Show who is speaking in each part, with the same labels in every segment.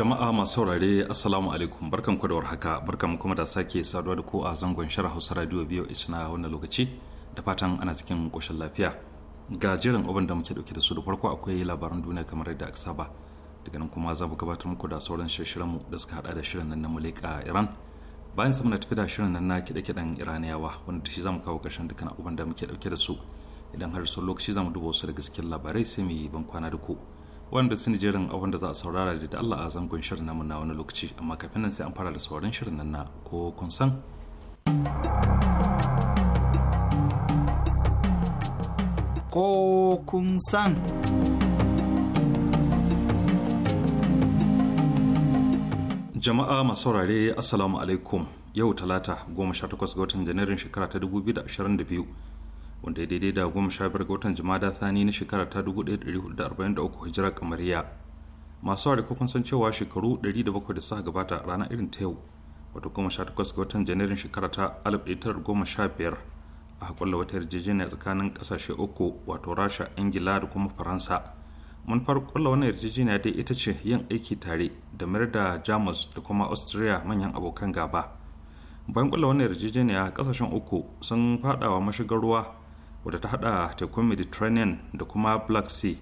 Speaker 1: jama'a masu saurare assalamu alaikum barkan ku da warhaka barkan kuma da sake saduwa da ku a zangon shirin hausa radio biyo na wannan lokaci da fatan ana cikin koshin lafiya ga jerin abin da muke dauke da su da farko akwai labaran duniya kamar yadda aka saba daga nan kuma za mu gabatar muku da sauran mu da suka hada da shirin nan na mulika iran bayan sa muna tafi da shirin nan na kiɗe-kiɗen iraniyawa wanda da shi za mu kawo ƙarshen dukkan abubuwan da muke dauke da su idan har sun lokaci za mu duba wasu da gaskiyar labarai sai mu yi ban kwana da ku wanda su jerin abin da za a saurara da Allah a zangon shirin namu na wani lokaci amma kafin nan sai an fara da sauran shirin nan na ko kun san ko kun san jama'a masu saurare assalamu alaikum yau talata 18 ga watan janairun shekara ta biyu. wanda ya daidai da goma sha biyar ga watan jimada thani na shekara ta uku hijira kamariya masu wari kun san cewa shekaru ɗari da suka gabata ranar irin ta yau wato goma sha takwas ga watan janairun shekara ta goma sha biyar a hakulla wata yarjejeniya tsakanin ƙasashe uku wato rasha ingila da kuma faransa mun fara farkulla wannan yarjejeniya dai ita ce yin aiki tare da mayar da jamus da kuma austria manyan abokan gaba bayan kulla wannan yarjejeniya ƙasashen uku sun fadawa mashigar ruwa wadda ta hada tekun mediterranean da kuma black sea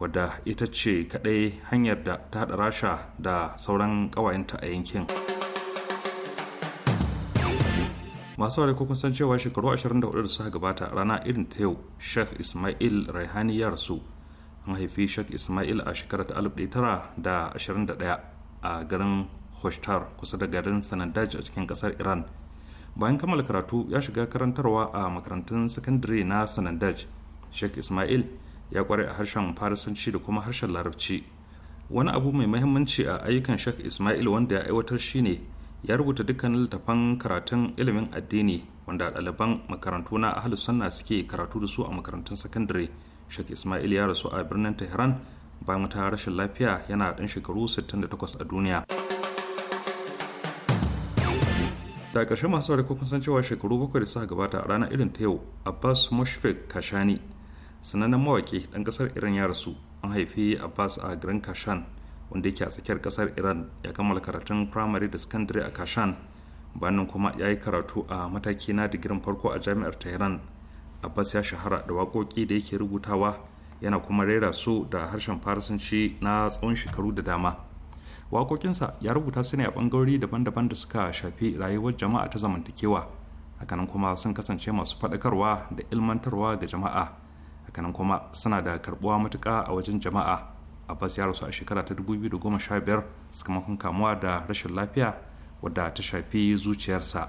Speaker 1: wadda ita ce kadai hanyar da ta hada rasha da sauran kawayenta a yankin masu ware kukun san cewa shekaru 24 da suka gabata rana irin ta yau sheikh ismail raihani ya rasu an haifi sheikh ismail a shekarar 1921 a garin hoshtar kusa da garin sanandaji a cikin kasar iran bayan kammala karatu ya shiga karantarwa a makarantun sakandare na sanandaj sheikh ismail ya kware a harshen farisanci da kuma harshen larabci wani abu mai mahimmanci a ayyukan sheikh ismail wanda ya aiwatar shine ya rubuta dukkanin littafan karatun ilimin addini wanda ɗaliban makarantu na ahalus sunna suke karatu da su a makarantun sakandare sheikh ismail ya rasu a birnin tehran bayan wata rashin lafiya yana ɗan shekaru 68 a duniya. da ƙarshe masu saurari kun san cewa shekaru bakwai da suka gabata a ranar irin ta yau abbas mushfik kashani sanannen mawaƙi ɗan ƙasar iran ya rasu an haifi abbas a garin kashan wanda yake a tsakiyar ƙasar iran ya kammala karatun firamare da sakandare a kashan bayan kuma ya yi karatu a mataki na digirin farko a jami'ar tehran abbas ya shahara da waƙoƙi da yake rubutawa yana kuma rera su da harshen farasanci na tsawon shekaru da dama wakokinsa ya rubuta su ne a ɓangarori daban-daban da suka shafi rayuwar jama'a ta zamantakewa hakanan kuma sun kasance masu faɗakarwa da ilmantarwa ga jama'a hakanan kuma suna da karɓuwa matuka a wajen jama'a abbas ya rasu a shekara ta 2015 sakamakon kamuwa da rashin lafiya wadda ta shafi zuciyarsa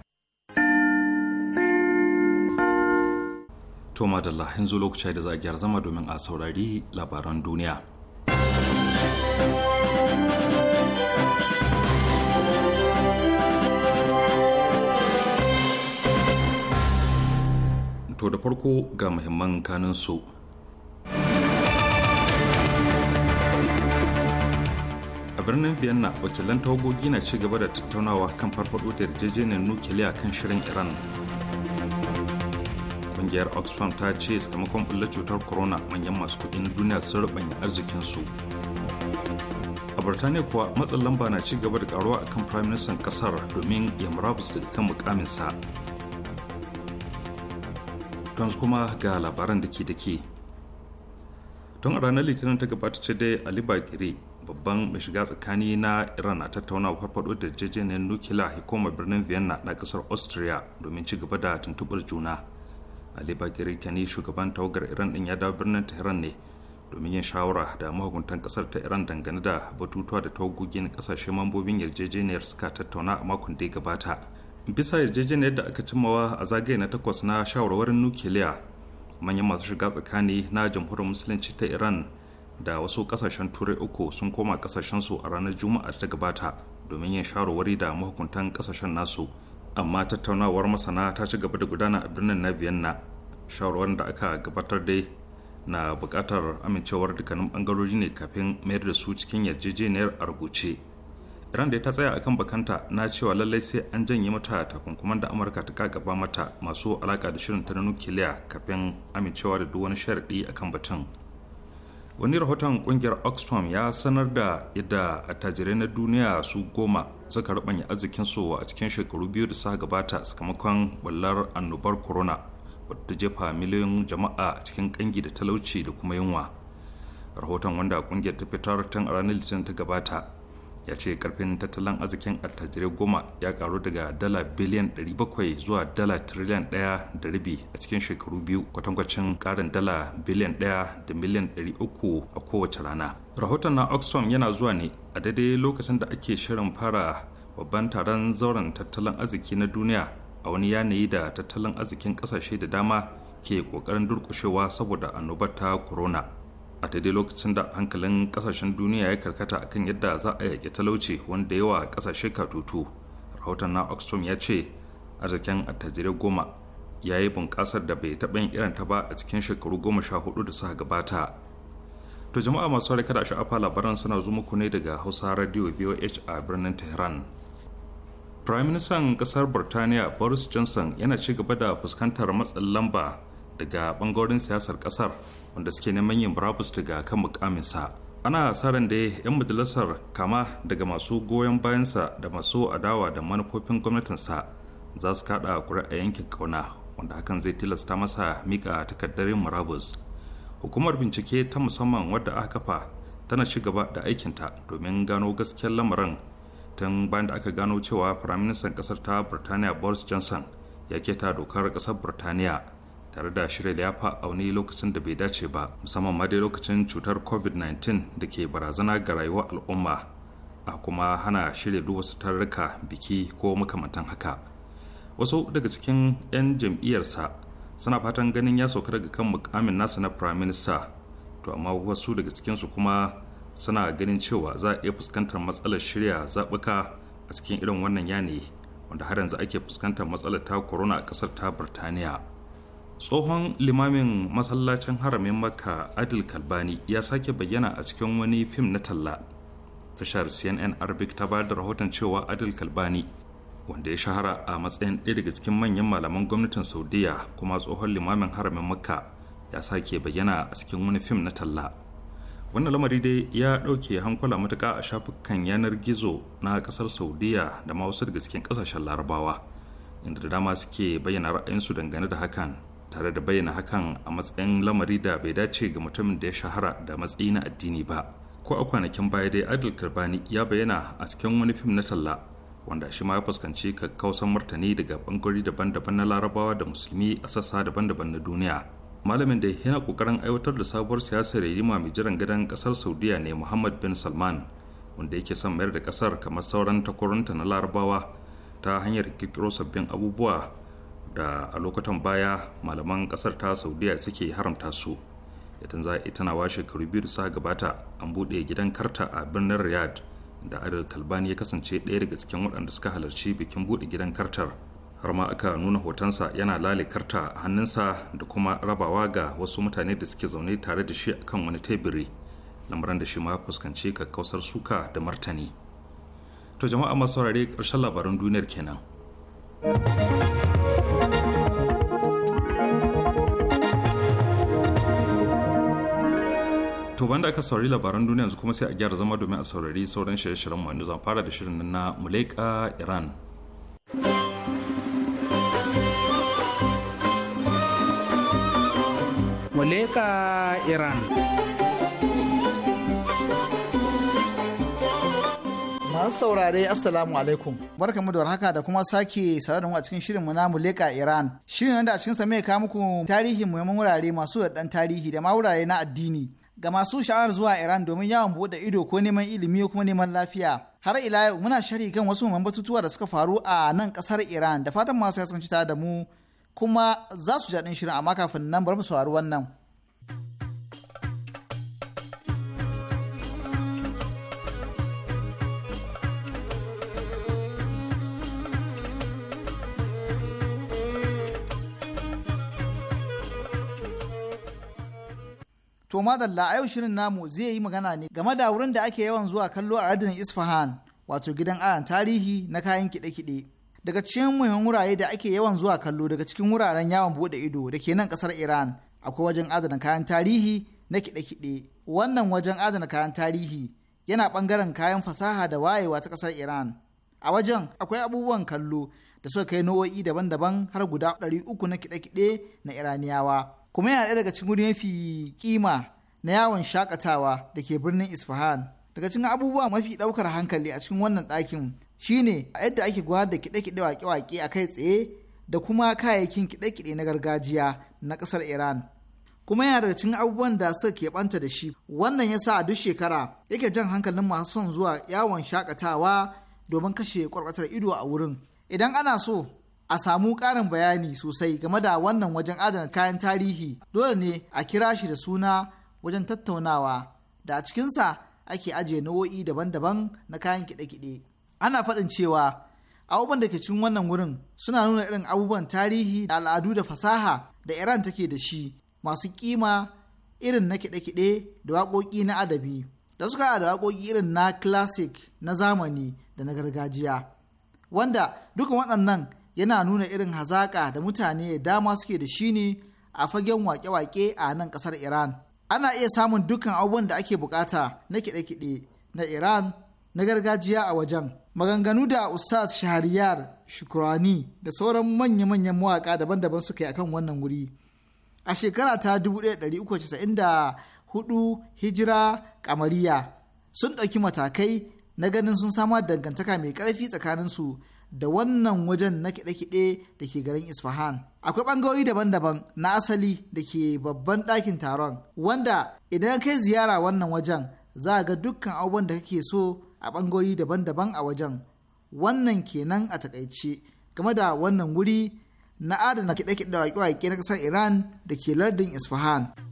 Speaker 1: To madalla yanzu lokaci da za a gyara zama domin a saurari labaran duniya. To da farko ga muhimman kanin su. A birnin Vienna wakilan tawagogi na ci gaba da tattaunawa kan farfaɗo da yarjejeniyar nukiliya kan shirin Iran. kungiyar oxfam ta ce sakamakon bullar cutar corona manyan masu na duniya sun rubanya arzikinsu a birtaniya kuwa matsin lamba na ci gaba da karuwa a kan prime minister kasar domin ya murabus daga kan mukaminsa tons kuma ga labaran da ke da ke tun a ranar litinin ta gabata ce dai ali bakire babban mai shiga tsakani na iran na tattauna tattaunawa farfado da yarjejeniyar nukila ya birnin vienna na kasar austria domin ci gaba da tuntubar juna ali bakir kani shugaban tawagar iran din ya dawo birnin tehran ne domin yin shawara da mahukuntan kasar ta iran dangane da batutuwa da tawagogin kasashe mambobin yarjejeniyar suka tattauna a makon da ya gabata bisa yarjejeniyar da aka cimmawa a zagaye na takwas na shawarwarin nukiliya manyan masu shiga tsakani na jamhuriyar musulunci ta iran da wasu kasashen turai uku sun koma kasashen su a ranar juma'a ta gabata domin yin shawarwari da mahukuntan kasashen nasu amma tattaunawar masana ta ci gaba da gudana a birnin na vienna shawarwar da aka gabatar dai na bukatar amincewar dukkanin bangarori ne kafin mayar da su cikin yarjejeniyar a rubuce iran da ta tsaya akan bakanta na cewa lallai sai an janye mata takunkuman da amurka ta kakaba mata masu alaka da shirin ta na nukiliya kafin amincewa da duk wani sharaɗi akan batun wani rahoton ƙungiyar oxfam ya sanar da yadda attajirai na duniya su goma suka rubanya arzikin su a cikin shekaru biyu da suka gabata sakamakon ballar annobar corona wadda jefa miliyoyin jama'a a cikin kangi da talauci da kuma yunwa rahoton wanda kungiyar ta fitar tun a ranar litinin ta gabata ya ce karfin tattalin arzikin attajirai goma ya karu daga dala biliyan 700 zuwa dala triliyan 1 da rabi a cikin shekaru biyu kwatankwacin karin dala biliyan 1 da miliyan 300 a kowace rana rahoton na oxfam yana zuwa ne a daidai lokacin da ake shirin fara babban taron zauren tattalin arziki na duniya a wani yanayi da tattalin arzikin kasashe da dama ke kokarin durkushewa saboda annobar ta corona a daidai lokacin da hankalin kasashen duniya ya karkata akan yadda za a yaƙi talauci wanda yawa kasashe katutu rahoton na oxfam ya ce arzikin attajirai goma ya yi bunƙasar da bai taɓa yin irin ta ba a cikin shekaru goma sha hudu da suka gabata to jama'a masu harkar da sha'afa labaran suna zo muku ne daga hausa radio voh a birnin tehran prime minister kasar burtaniya boris johnson yana ci gaba da fuskantar matsin lamba daga bangoren siyasar kasar wanda suke neman yin brabus daga kan mukaminsa ana sa ran da 'yan majalisar kama daga masu goyon bayansa da masu adawa da manufofin gwamnatinsa za su kada a yankin kauna wanda hakan zai tilasta masa mika takardar murabus hukumar bincike ta musamman wadda aka kafa tana ci gaba da aikinta domin gano gaskiyar lamarin tun bayan da aka gano cewa firaministan kasar ta birtaniya boris johnson ya keta dokar kasar birtaniya tare da shirya liyafa a wani lokacin da bai dace ba musamman ma dai lokacin cutar covid-19 da ke barazana ga rayuwar al'umma a kuma hana shirya duk wasu tarurruka biki ko makamantan haka wasu daga cikin 'yan jam'iyyarsa suna fatan ganin ya sauka daga kan mukamin nasa na firaminista to amma wasu daga cikinsu kuma suna ganin cewa za a iya fuskantar matsalar shirya zaɓuka a cikin irin wannan yanayi wanda har yanzu ake fuskantar matsalar ta corona a ƙasar ta birtaniya tsohon limamin masallacin haramin makka adil kalbani ya sake bayyana a cikin wani fim na talla tashar cnn arabic ta bayar da rahoton cewa adil kalbani wanda ya shahara a matsayin ɗaya daga cikin manyan malaman gwamnatin saudiya kuma tsohon limamin haramin makka ya sake bayyana a cikin wani fim na talla wannan lamari dai ya ɗauke hankula matuka a shafukan yanar gizo na kasar saudiya da ma wasu daga cikin ƙasashen larabawa inda da dama suke bayyana ra'ayinsu dangane da hakan tare da bayyana hakan a matsayin lamari da bai dace ga mutumin da ya shahara da matsayi na addini ba ko a kwanakin baya dai adil kirbani ya bayyana a cikin wani fim na talla wanda shi ma ya fuskanci kakkausan martani daga bangarori daban-daban na larabawa da musulmi a sassa daban-daban na duniya malamin da yana kokarin aiwatar da sabuwar siyasar yayima mai jiran gadon kasar saudiya ne muhammad bin salman wanda yake son mayar da kasar kamar sauran takwarunta na larabawa ta hanyar kirkiro sabbin abubuwa da a lokutan baya malaman kasar ta saudiya suke haramta su idan za a tana washe biyu da gabata an buɗe gidan karta a birnin riyadh da adal kalbani ya kasance ɗaya daga cikin waɗanda suka halarci bikin buɗe gidan kartar har ma aka nuna hotonsa yana lalikarta karta hannunsa da kuma rabawa ga wasu mutane da suke zaune tare da shi kan wani tebiri lamarin da shi ma fuskanci ka kausar suka da martani to jama'a masu saurare ƙarshen labaran duniyar kenan to banda aka saurari labaran duniya yanzu kuma sai a gyara zama domin a saurari sauran shirye-shiryen mu zan fara da shirin na muleka iran muleka iran
Speaker 2: masu saurare assalamu alaikum barkamu da warhaka da kuma sake saurare mu a cikin shirin mu na muleka iran shirin wanda a cikin sa mai kawo muku tarihi muhimman wurare masu da tarihi da ma wurare na addini ga masu sha'awar zuwa Iran domin yawon buɗe ido ko neman ilimi ko kuma neman lafiya. Har ila yau muna shari kan wasu muhimman batutuwa da suka faru a nan kasar Iran da fatan masu ya da mu kuma za su jaɗin shirin amma kafin nan bar mu saurari wannan. To madalla a yau shirin namu zai yi magana ne game da wurin da ake yawan zuwa kallo a lardin Isfahan wato gidan aran tarihi na kayan kiɗe-kiɗe. Daga cikin muhimman wurare da ake yawan zuwa kallo daga cikin wuraren yawon buɗe ido da ke nan ƙasar Iran akwai wajen adana kayan tarihi na kiɗe-kiɗe. Wannan wajen adana kayan tarihi yana bangaren kayan fasaha da wayewa ta ƙasar Iran. A wajen akwai abubuwan kallo da suka kai nau'o'i daban-daban har guda 300 na kiɗe-kiɗe na Iraniyawa. kuma yana ɗaya daga cikin wuri mafi kima na yawon shakatawa da ke birnin isfahan daga cikin abubuwa mafi ɗaukar hankali a cikin wannan ɗakin shine a yadda ake gudanar da kiɗe-kiɗe waƙe-waƙe a kai tsaye da kuma kayayyakin kiɗe-kiɗe na gargajiya na ƙasar iran kuma yana daga cikin abubuwan da suka keɓanta da shi wannan ya sa a duk shekara yake jan hankalin masu son zuwa yawon shakatawa domin kashe kwarkwatar ido a wurin idan ana so a samu ƙarin bayani sosai game da wannan wajen adana kayan tarihi dole ne a kira shi da suna wajen tattaunawa da a cikinsa ake ajiye nau'o'i daban-daban na kayan kiɗe-kiɗe ana faɗin cewa abubuwan da ke cikin wannan wurin suna nuna irin abubuwan tarihi da al'adu da fasaha da iran take da shi masu kima irin na kiɗe-kiɗe da waƙoƙi na adabi da suka da waƙoƙi irin na classic na zamani da na gargajiya wanda dukan waɗannan yana nuna irin hazaƙa da mutane dama suke da shi ne a fagen wake-wake a nan ƙasar Iran. Ana iya samun dukkan abubuwan da ake bukata na kiɗe-kiɗe na Iran na gargajiya a wajen. Maganganu da Ustaz shahariyar Shukrani da sauran manya-manyan mawaƙa daban-daban suka yi akan wannan wuri. A shekara ta 1394 Hijira Kamariya sun ɗauki matakai na ganin sun samar dangantaka mai ƙarfi tsakaninsu da wannan wajen na kiɗe-kiɗe da ke garin Isfahan. Akwai ɓangarori daban-daban na asali da ke babban ɗakin taron, wanda idan kai ziyara wannan wajen za a ga dukkan abubuwan da kake so a ɓangarori daban-daban a wajen. Wannan kenan a takaice game da wannan wuri na adana kiɗe-kiɗe da waƙe-waƙe na ƙasar Iran da ke lardin Isfahan.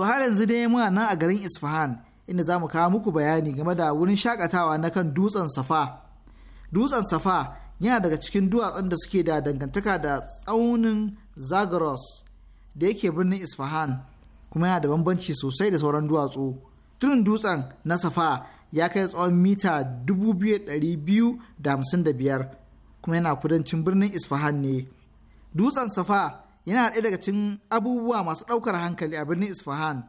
Speaker 2: To har yanzu dai muna nan a garin Isfahan inda za mu kawo muku bayani game da wurin shakatawa na kan dutsen Safa. Dutsen Safa yana daga cikin duwatsun da suke da dangantaka da tsaunin Zagros da yake birnin Isfahan kuma yana da bambanci sosai da sauran duwatsu. Tunin dutsen na Safa ya kai tsawon mita 2,255 kuma yana kudancin birnin Isfahan ne. Dutsen Safa yana ɗaya daga cikin abubuwa masu ɗaukar hankali a birnin Isfahan.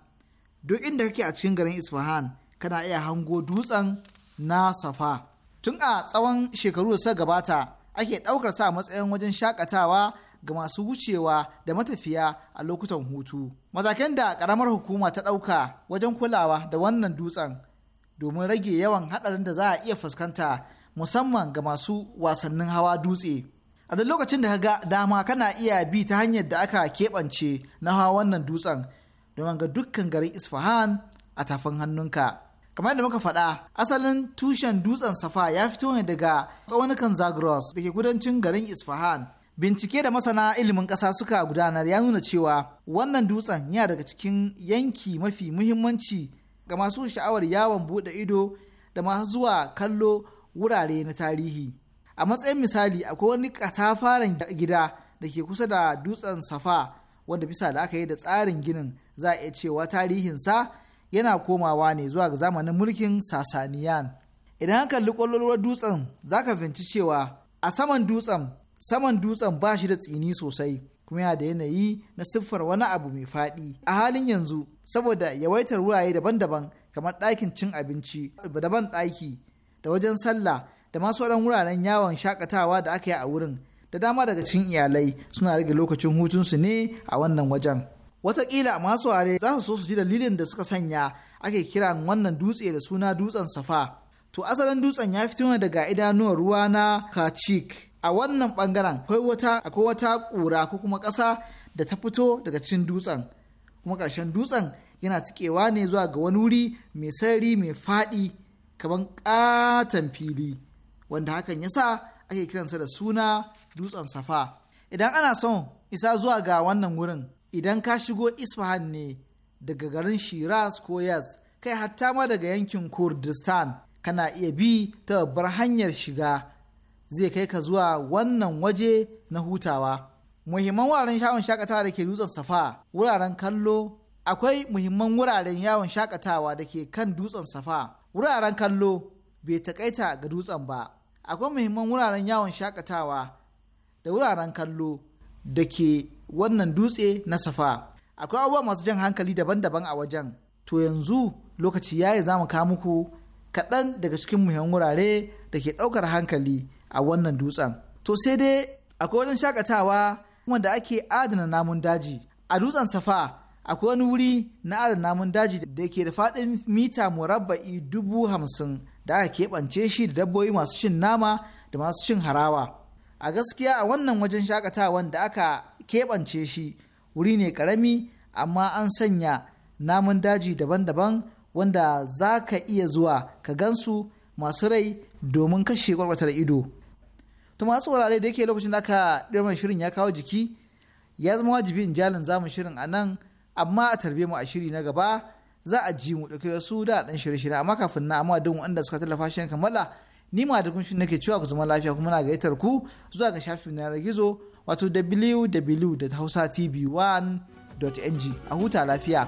Speaker 2: Duk inda kake a cikin garin Isfahan kana iya hango dutsen na Safa. Tun a tsawon shekaru da suka gabata ake ɗaukar sa matsayin wajen shakatawa ga masu wucewa da matafiya a lokutan hutu. Matakan da ƙaramar hukuma ta ɗauka wajen kulawa da wannan dutsen domin rage yawan haɗarin da za a iya fuskanta musamman ga masu wasannin hawa dutse. a da lokacin da ka ga dama kana iya bi ta hanyar da aka keɓance na hawa wannan dutsen don ga dukkan garin isfahan a tafin hannunka kamar da muka faɗa asalin tushen dutsen safa ya fito ne daga tsaunukan zagros da ke kudancin garin isfahan bincike da masana ilimin ƙasa suka gudanar ya nuna cewa wannan dutsen yana daga cikin yanki mafi muhimmanci ga masu sha'awar yawon buɗe ido da masu zuwa kallo wurare na tarihi a matsayin misali akwai wani katafaren gida da ke kusa da dutsen safa wanda bisa da aka yi da tsarin ginin za a iya cewa tarihinsa yana komawa ne zuwa ga zamanin mulkin sasaniyan idan aka kalli kwallolwar dutsen za ka fahimci cewa a saman dutsen saman dutsen ba shi da tsini sosai kuma yana da yanayi na siffar wani abu mai faɗi a halin yanzu saboda yawaitar wurare daban-daban kamar ɗakin cin abinci daban ɗaki da wajen sallah da ma sauran wuraren yawon shakatawa da aka yi a wurin da dama daga cikin iyalai suna rage lokacin hutunsu ne a wannan wajen. Wataƙila masu ware za su so su ji dalilin da suka sanya ake kiran wannan dutse da suna dutsen safa. To asalin dutsen ya fito daga idanuwar ruwa na Kachik. A wannan bangaren akwai wata akwai wata ƙura ko kuma ƙasa da ta fito daga cikin dutsen. Kuma ƙarshen dutsen yana tikewa ne zuwa ga wani wuri mai sarari mai faɗi kamar ƙaton fili. wanda hakan ya sa ake kiransa da suna dutsen safa idan ana son isa zuwa ga wannan wurin idan ka shigo isfahan ne daga garin shiraz ko yaz kai hatta ma daga yankin kurdistan kana iya bi ta babbar hanyar shiga zai kai ka zuwa wannan waje na hutawa muhimman wuraren yawon shakatawa da ke dutsen safa wuraren kallo akwai muhimman wuraren yawon shakatawa da ke kan dutsen safa wuraren kallo bai takaita ga dutsen ba akwai muhimman wuraren yawon shakatawa da wuraren kallo da ke wannan dutse na safa akwai abubuwa masu jan hankali daban-daban a wajen to yanzu lokaci ya yi mu kawo muku kaɗan daga cikin muhimman wurare da ke ɗaukar hankali a wannan dutsen to sai dai akwai wajen shakatawa wanda ake adana namun daji a dutsen safa akwai wani wuri na adana namun daji da ke da faɗin mita murabba'i dubu hamsin da aka keɓance shi da dabbobi masu cin nama da masu cin harawa a gaskiya a wannan wajen shakatawan da aka keɓance shi wuri ne ƙarami amma an sanya namun daji daban-daban wanda za ka iya zuwa ka gansu masu rai domin kashe kwarkwatar ido to masu wurare da yake lokacin da aka ɗirman shirin ya kawo jiki ya zama wajibi in jalin zamun shirin a nan amma a tarbe mu a shiri na gaba za a ji mu dauke da su da dan shirye-shirye amma kafin na amma don wanda suka tallafa shi kammala ni ma da kunshin nake cewa ku zama lafiya kuma na gaitar ku zuwa ga shafin na gizo wato www.hausatv1.ng a huta lafiya.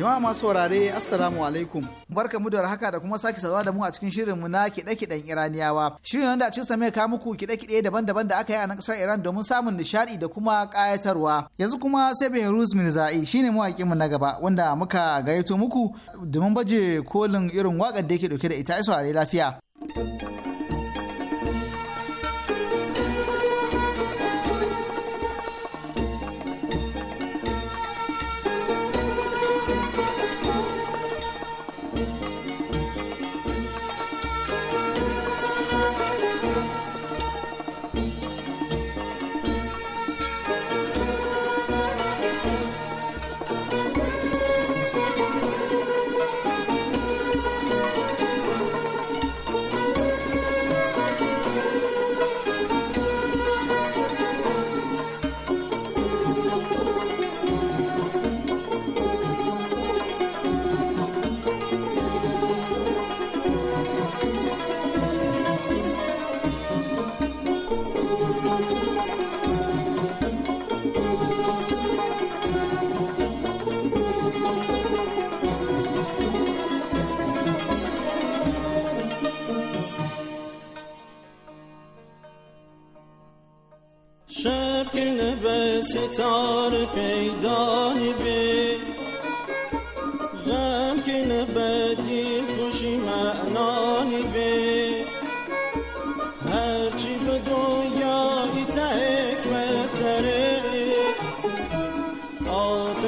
Speaker 2: Jama'a masu saurare Assalamu alaikum. Barka mu da haka da kuma sake sauwa da mu a cikin shirinmu na kiɗe-kiɗen Iraniyawa. Shirin wanda a cikin sa mai muku kiɗe-kiɗe daban-daban da aka yi a nan ƙasar Iran domin samun nishaɗi da kuma ƙayatarwa. Yanzu kuma sai Behruz Mirza'i shine mawaƙi mu na gaba wanda muka gayyato muku domin baje kolin irin wakar da yake ɗauke da ita ya saurare lafiya.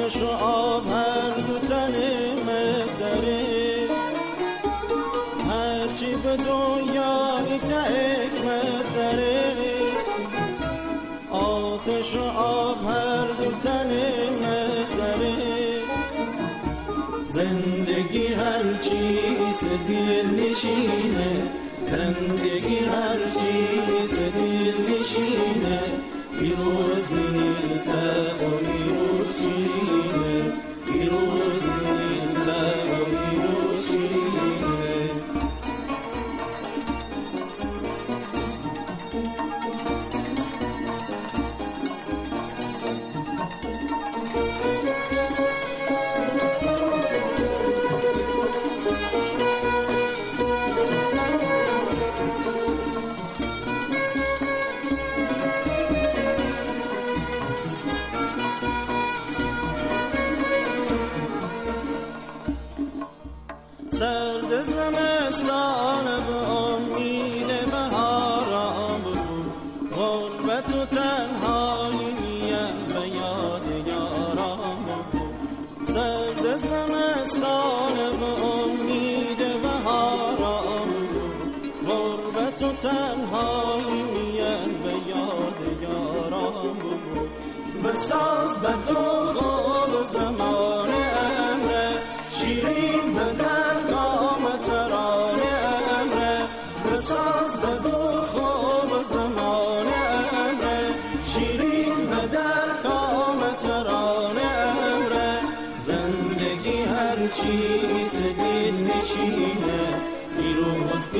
Speaker 3: of my.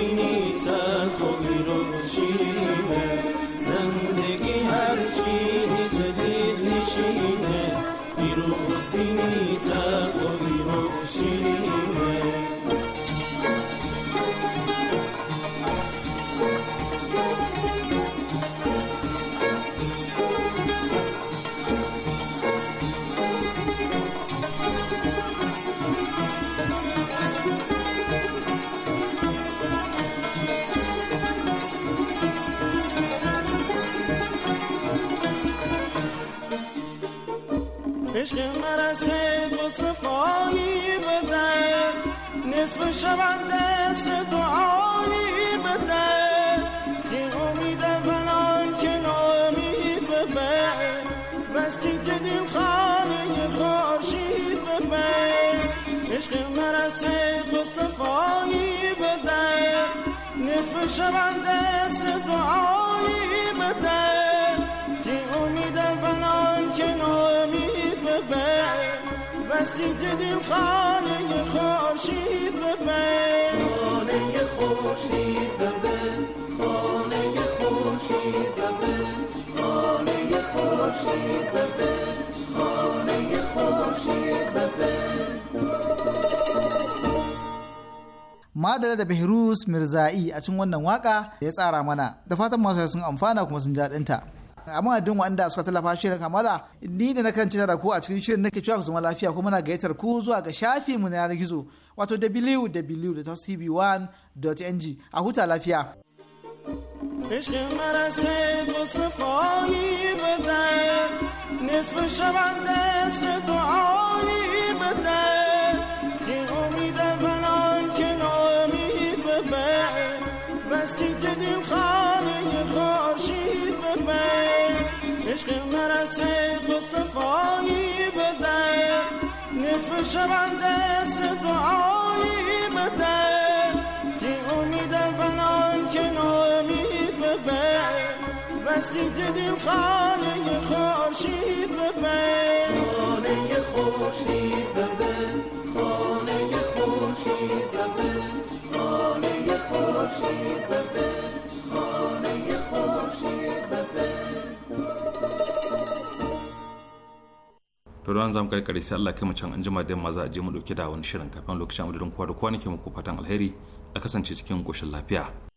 Speaker 3: You. پیش من دست دعایی که امید من آن که نامید ببه بستی که دیم خانه خورشید ببه عشق من از صدق و صفایی بده نصف شبم دست دعایی نزدیک دیم خانه خورشید خانه خورشید
Speaker 4: خانه
Speaker 2: madara da Behrus Mirza'i a cikin wannan waka da ya tsara mana da fatan masu sun amfana kuma sun jaɗinta. a madadin wanda suka tallafa shirin kamala ni da na nakan ci da ku a cikin shirin nake cewa ku zama lafiya kuma na gayyatar ku zuwa ga shafi mu na yanar gizo wato www.tv1.ng a huta lafiya
Speaker 3: عشق مرس صدق و صفایی بده نصف شونده صدعایی بده که امیدم فنان که نامید ببه رسید دیدیم خانه خورشید
Speaker 4: ببه خانه خورشید ببه خانه خورشید ببه خانه خورشید ببه خانه خورشید
Speaker 1: da ruwan zamu karkare sai Allah kai mu can anjima da yamma za a je mu dauki da wani shirin kafin lokacin amudurin kowa da kowa nake muku fatan alheri a kasance cikin koshin lafiya